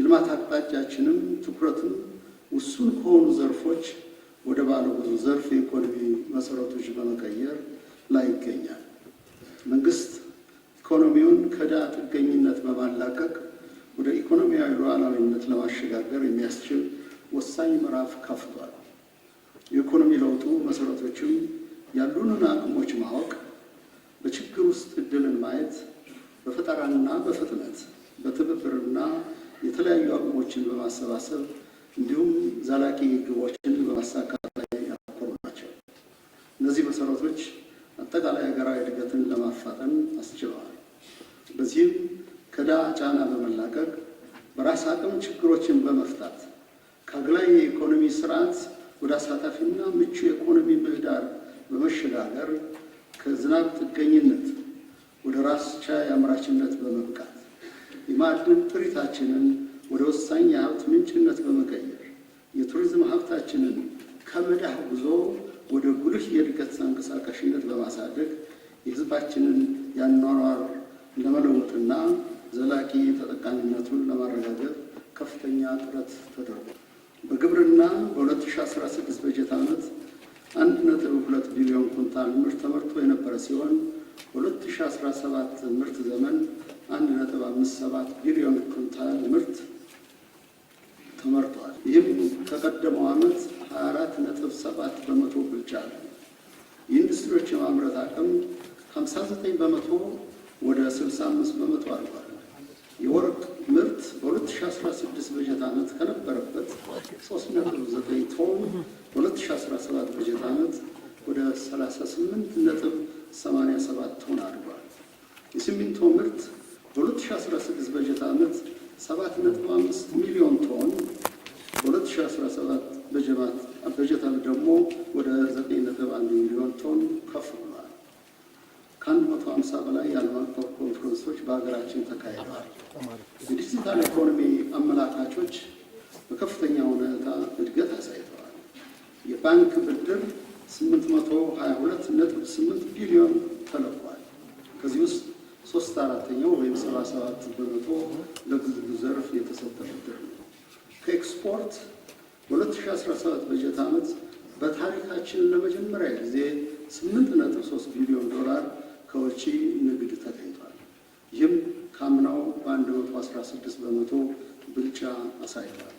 የልማት አቅጣጫችንም ትኩረትም ውሱን ከሆኑ ዘርፎች ወደ ባለ ብዙ ዘርፍ የኢኮኖሚ መሰረቶች በመቀየር ላይ ይገኛል። መንግስት ኢኮኖሚውን ከዳ ጥገኝነት በማላቀቅ ወደ ኢኮኖሚያዊ ሉዓላዊነት ለማሸጋገር የሚያስችል ወሳኝ ምዕራፍ ከፍቷል። የኢኮኖሚ ለውጡ መሰረቶችም ያሉንን አቅሞች ማወቅ፣ በችግር ውስጥ እድልን ማየት፣ በፈጠራና በፍጥነት በትብብርና የተለያዩ አቅሞችን በማሰባሰብ እንዲሁም ዘላቂ ግቦችን በማሳካት ላይ ያተኮሩ ናቸው። እነዚህ መሰረቶች አጠቃላይ ሀገራዊ እድገትን ለማፋጠን አስችለዋል። በዚህም ከዳ ጫና በመላቀቅ በራስ አቅም ችግሮችን በመፍታት ከአግላይ የኢኮኖሚ ስርዓት ወደ አሳታፊና ምቹ የኢኮኖሚ ምህዳር በመሸጋገር ከዝናብ ጥገኝነት ወደ ራስ ቻይ አምራችነት በመብቃት የማዕድን ጥሪታችንን ወደ ወሳኝ የሀብት ምንጭነት በመቀየር የቱሪዝም ሀብታችንን ከመዳህ ጉዞ ወደ ጉልህ የእድገት ተንቀሳቃሽነት በማሳደግ የህዝባችንን ያኗኗር ለመለወጥና ዘላቂ ተጠቃሚነቱን ለማረጋገጥ ከፍተኛ ጥረት ተደርጓል። በግብርና በ2016 በጀት ዓመት 1.2 ቢሊዮን ኩንታል ምርት ተመርቶ የነበረ ሲሆን 2017 ምርት ዘመን 1.57 ቢሊዮን ኩንታል ምርት ተመርቷል። ይህም ከቀደመው ዓመት 24.7 በመቶ ብልጫ አለው። የኢንዱስትሪዎች የማምረት አቅም 59 በመቶ ወደ 65 በመቶ አድጓል። የወርቅ ምርት በ2016 በጀት ዓመት ከነበረበት 3.9 ቶን በ2017 በጀት ዓመት ወደ 38 ነጥብ 87 ቶን አድጓል። የሲሚንቶ ምርት በ2016 በጀት ዓመት 7.5 ሚሊዮን ቶን በ2017 በጀት ዓመት ደግሞ ወደ 9.1 ሚሊዮን ቶን ከፍ ብሏል። ከ150 በላይ የዓለም አቀፍ ኮንፈረንሶች በሀገራችን ተካሂደዋል። የዲጂታል ኢኮኖሚ አመላካቾች በከፍተኛ ሁኔታ እድገት አሳይተዋል። የባንክ ብድር 822 ነጥብ 8 ቢሊዮን ተለቋል። ከዚህ ውስጥ ሶስት አራተኛው ወይም 77 በመቶ ለግሉ ዘርፍ የተሰጠ ብድር ነው። ከኤክስፖርት በ2017 በጀት ዓመት በታሪካችን ለመጀመሪያ ጊዜ 8.3 ቢሊዮን ዶላር ከውጪ ንግድ ተገኝቷል። ይህም ከአምናው በ116 በመቶ ብልጫ አሳይቷል።